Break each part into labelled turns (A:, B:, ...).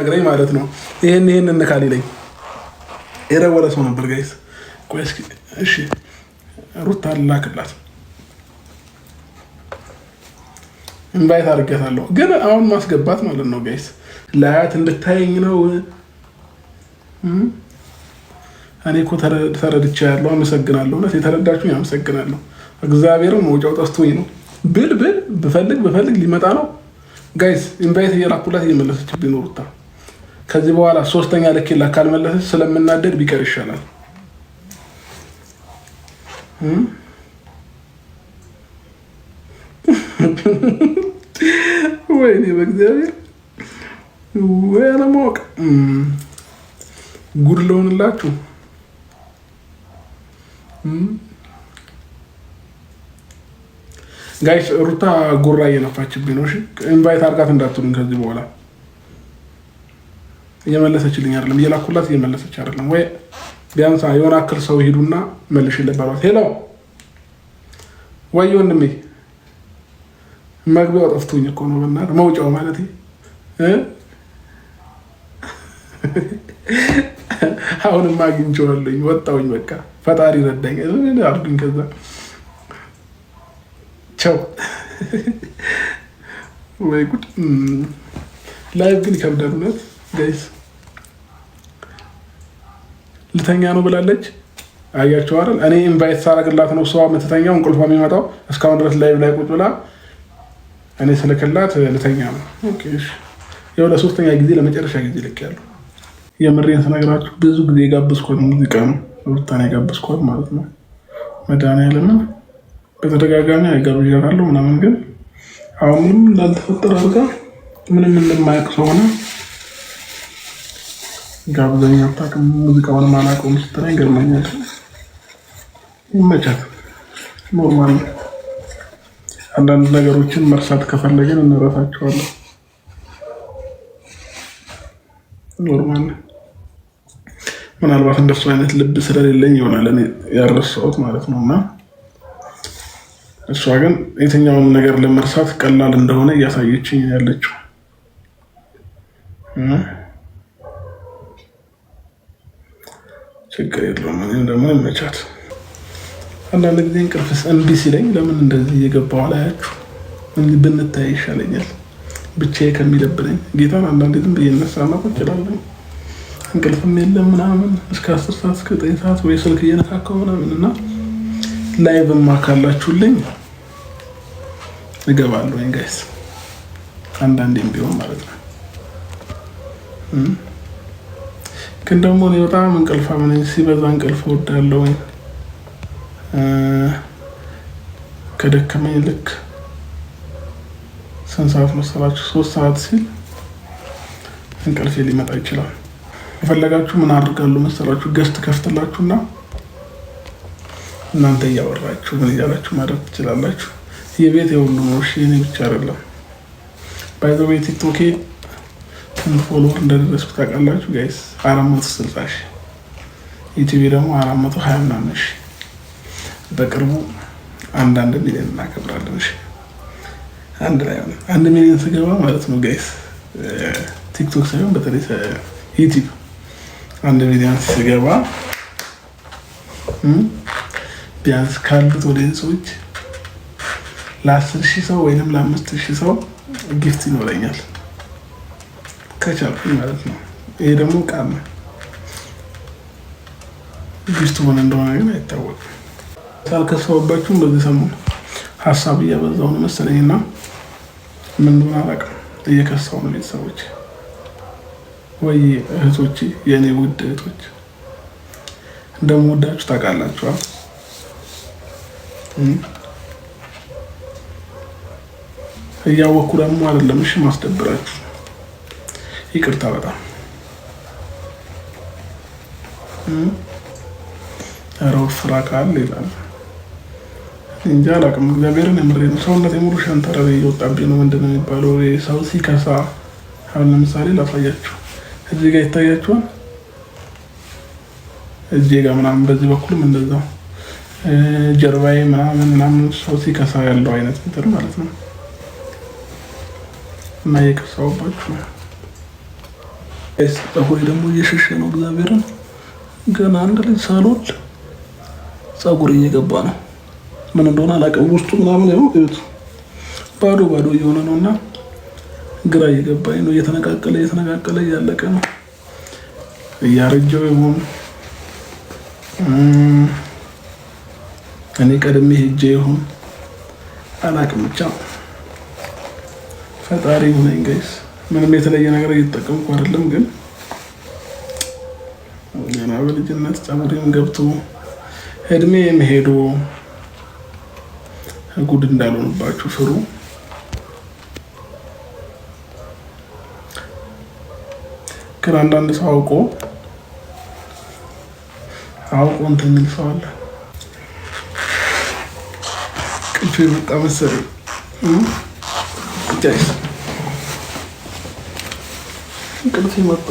A: ነግረኝ ማለት ነው። ይሄን ይሄን እንካል ይለኝ የደወለ ሰው ነበር። ጋይስ ቆይ እስኪ እሺ፣ ሩት አላክላት ኢንቫይት አድርጌታለሁ፣ ግን አሁን ማስገባት ማለት ነው ጋይስ። ለአያት እንድታየኝ ነው። እኔ እኮ ተረድቻ ያለው አመሰግናለሁ። እውነት የተረዳችሁኝ አመሰግናለሁ። እግዚአብሔርም መውጫው ጠፍቶኝ ነው ብል ብል ብፈልግ ብፈልግ ሊመጣ ነው ጋይስ። ኢንቫይት እየላኩላት እየመለሰችብኝ ሩታ ከዚህ በኋላ ሶስተኛ ልኬላ ካልመለሰች ስለምናደድ ቢቀር ይሻላል። ወይኔ በእግዚአብሔር ወይ አለማወቅ ጉድ ለሆንላችሁ። ጋይስ ሩታ ጉራ እየነፋችብኝ ነው። ኢንቫይት አርጋት እንዳትሉኝ ከዚህ በኋላ እየመለሰችልኝ አይደለም፣ እየላኩላት እየመለሰች አይደለም። ወይ ቢያንስ የሆነ አክል ሰው ሂዱና መልሽ ለባሏት። ሄሎ ወይ ወንድሜ፣ መግቢያው ጠፍቶኝ እኮ ነው በእናትህ መውጫው ማለት አሁንም አግኝቼዋለሁኝ። ወጣውኝ በቃ ፈጣሪ ረዳኝ አልኩኝ። ከዛ ቸው ወይ ጉድ! ላይቭ ግን ይከብዳል እውነት ጋይስ ልተኛ ነው ብላለች። አያቸው አይደል? እኔ ኢንቫይት ሳረግላት ነው ሰዋ የምትተኛው እንቅልፏ የሚመጣው እስካሁን ድረስ ላይ ላይ ቁጭ ብላ እኔ ስልክላት ልተኛ ነው። ያው ለሶስተኛ ጊዜ ለመጨረሻ ጊዜ ልክ ያለው የምሬን ስነግራችሁ ብዙ ጊዜ የጋብዝኳት ሙዚቃ ነው ሩታን የጋብዝኳት ማለት ነው። መድኃኒዓለምን በተደጋጋሚ አይጋብዣታለሁ ምናምን፣ ግን አሁን ምንም እንዳልተፈጠረ አድርጋ ምንም እንደማያውቅ ሰው ሆነ ጋብዘኝ አታውቅም። ሙዚቃውን ማላውቀውም ስትለኝ ገርመኛል። ይመቻት። ኖርማል። አንዳንድ ነገሮችን መርሳት ከፈለግን እንረሳቸዋለን። ኖርማል። ምናልባት እንደሱ አይነት ልብ ስለሌለኝ ይሆናል እኔ ያረሳሁት ማለት ነው። እና እሷ ግን የትኛውን ነገር ለመርሳት ቀላል እንደሆነ እያሳየችኝ ያለችው ችግር የለውም። እኔም ደግሞ ይመቻት። አንዳንድ ጊዜ እንቅልፍ እምቢ ሲለኝ ለምን እንደዚህ እየገባሁ አላያችሁ ብንታይ ይሻለኛል ብቻዬ ከሚደብረኝ ጌታን። አንዳንዴ ዝም ብዬ እነሳና ቁጭ እላለሁ። እንቅልፍም የለም ምናምን እስከ አስር ሰዓት እስከ ዘጠኝ ሰዓት ወይ ስልክ እየነካከው ምናምን እና ላይቭማ ካላችሁልኝ እገባለሁ ወይ ጋይስ አንዳንዴም ቢሆን ማለት ነው። ግን ደግሞ እኔ በጣም እንቅልፋም ነኝ። ሲበዛ እንቅልፍ እወዳለሁኝ። ከደከመኝ ልክ ስንት ሰዓት መሰላችሁ? ሶስት ሰዓት ሲል እንቅልፌ ሊመጣ ይችላል። የፈለጋችሁ ምን አድርጋሉ መሰላችሁ? ገስት ከፍትላችሁና እናንተ እያወራችሁ ምን እያላችሁ ማድረግ ትችላላችሁ። የቤት የሁሉ ነው፣ እኔ ብቻ አይደለም። ባይዘ ቤት ቲክቶኬ ስንት ፎሎ እንደደረስኩ ታውቃላችሁ ጋይስ? አራት መቶ ስልሳ ሺህ ዩቲቪ ደግሞ አራት መቶ ሀያ ምናምን ሺ በቅርቡ አንዳንድ ሚሊዮን እናከብራለን። እሺ አንድ ላይ ሆነ አንድ ሚሊዮን ስገባ ማለት ነው ጋይስ ቲክቶክ ሳይሆን በተለይ ዩቲዩብ አንድ ሚሊዮን ስገባ ቢያንስ ካሉት ወደ ሰዎች ለአስር ሺህ ሰው ወይንም ለአምስት ሺህ ሰው ጊፍት ይኖረኛል። ከቻፕ ማለት ነው። ይሄ ደግሞ ቃም ግስት ሆነ እንደሆነ ግን አይታወቅም። ሳልከሰውባችሁም በዚህ ሰሞን ሀሳብ እያበዛው ነው መሰለኝ እና ምን እንደሆነ አላውቅም። እየከሳው ነው ቤተሰቦች ወይ እህቶች፣ የእኔ ውድ እህቶች እንደምወዳችሁ ታውቃላችኋል። እያወቅኩ ደግሞ አይደለም እሺ ማስደብራችሁ ይቅርታ በጣም ኧረ ወፍራ ካል ይላል እንጃ አላውቅም። እግዚአብሔርን የምሬ ነው። ሰውነት የሙሉ ሸንተረር እየወጣብኝ ነው። ምንድን ነው የሚባለው? ሰው ሲከሳ አሁን ለምሳሌ ላሳያችሁ። እዚህ ጋር ይታያችኋል። እዚህ ጋር ምናምን፣ በዚህ በኩልም እንደዛው ጀርባዬ ምናምን ምናምን ሰው ሲከሳ ያለው አይነት ነገር ማለት ነው እና እየከሳሁባችሁ ነው ፀጉሬ ደግሞ እየሸሸ ነው። እግዚአብሔርን ገና አንድ ልጅ ሳልወልድ ፀጉሬ እየገባ ነው። ምን እንደሆነ አላውቅም። ውስጡ ምናምን ያው እዩት፣ ባዶ ባዶ እየሆነ ነው እና ግራ እየገባኝ ነው። እየተነቃቀለ እየተነቃቀለ እያለቀ ነው። እያረጀው ይሆን? እኔ ቀድሜ ሄጄ ይሆን? አላውቅም። ብቻ ፈጣሪ ሆነኝ ጋይስ ምንም የተለየ ነገር እየተጠቀምኩ አይደለም። ግን ገና በልጅነት ጸጉሬም ገብቶ እድሜ የሚሄዱ ጉድ እንዳልሆንባችሁ ፍሩ። ግን አንዳንድ ሰው አውቆ አውቆ እንትን የሚል ሰው አለ። ቅንፌ መጣ መሰለኝ። እንቅልፍ የመጣ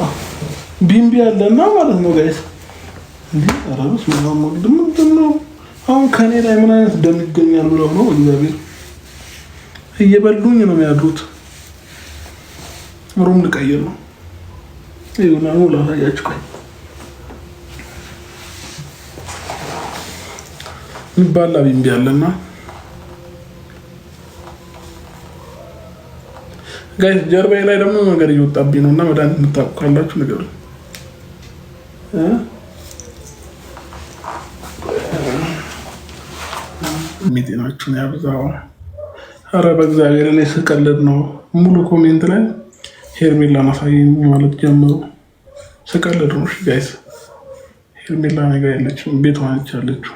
A: ቢምቢ አለና ማለት ነው ጋይስ። እንዴ አራብስ ምናምን ደም ነው። አሁን ከኔ ላይ ምን አይነት ደም ይገኛል ብለው ነው እግዚአብሔር። እየበሉኝ ነው ያሉት። ሩም ልቀይር ነው ይሁን ነው ላሳያችሁ። ቆይ የሚባላ ቢምቢ አለና ጋይስ ጀርባዬ ላይ ደግሞ ነገር እየወጣብኝ ነው እና መድኃኒት የምታውቁ ካላችሁ ንገሩኝ። ጤናችሁን ያብዛው። አረ በእግዚአብሔር እኔ ስቀልድ ነው። ሙሉ ኮሜንት ላይ ሄርሜላ ማሳየኝ ማለት ጀመሩ። ስቀልድ ነው ጋይስ። ሄርሜላ ነገር የለችም፣ ቤት ሆነች ያለችው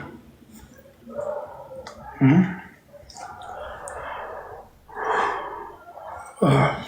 A: Uh.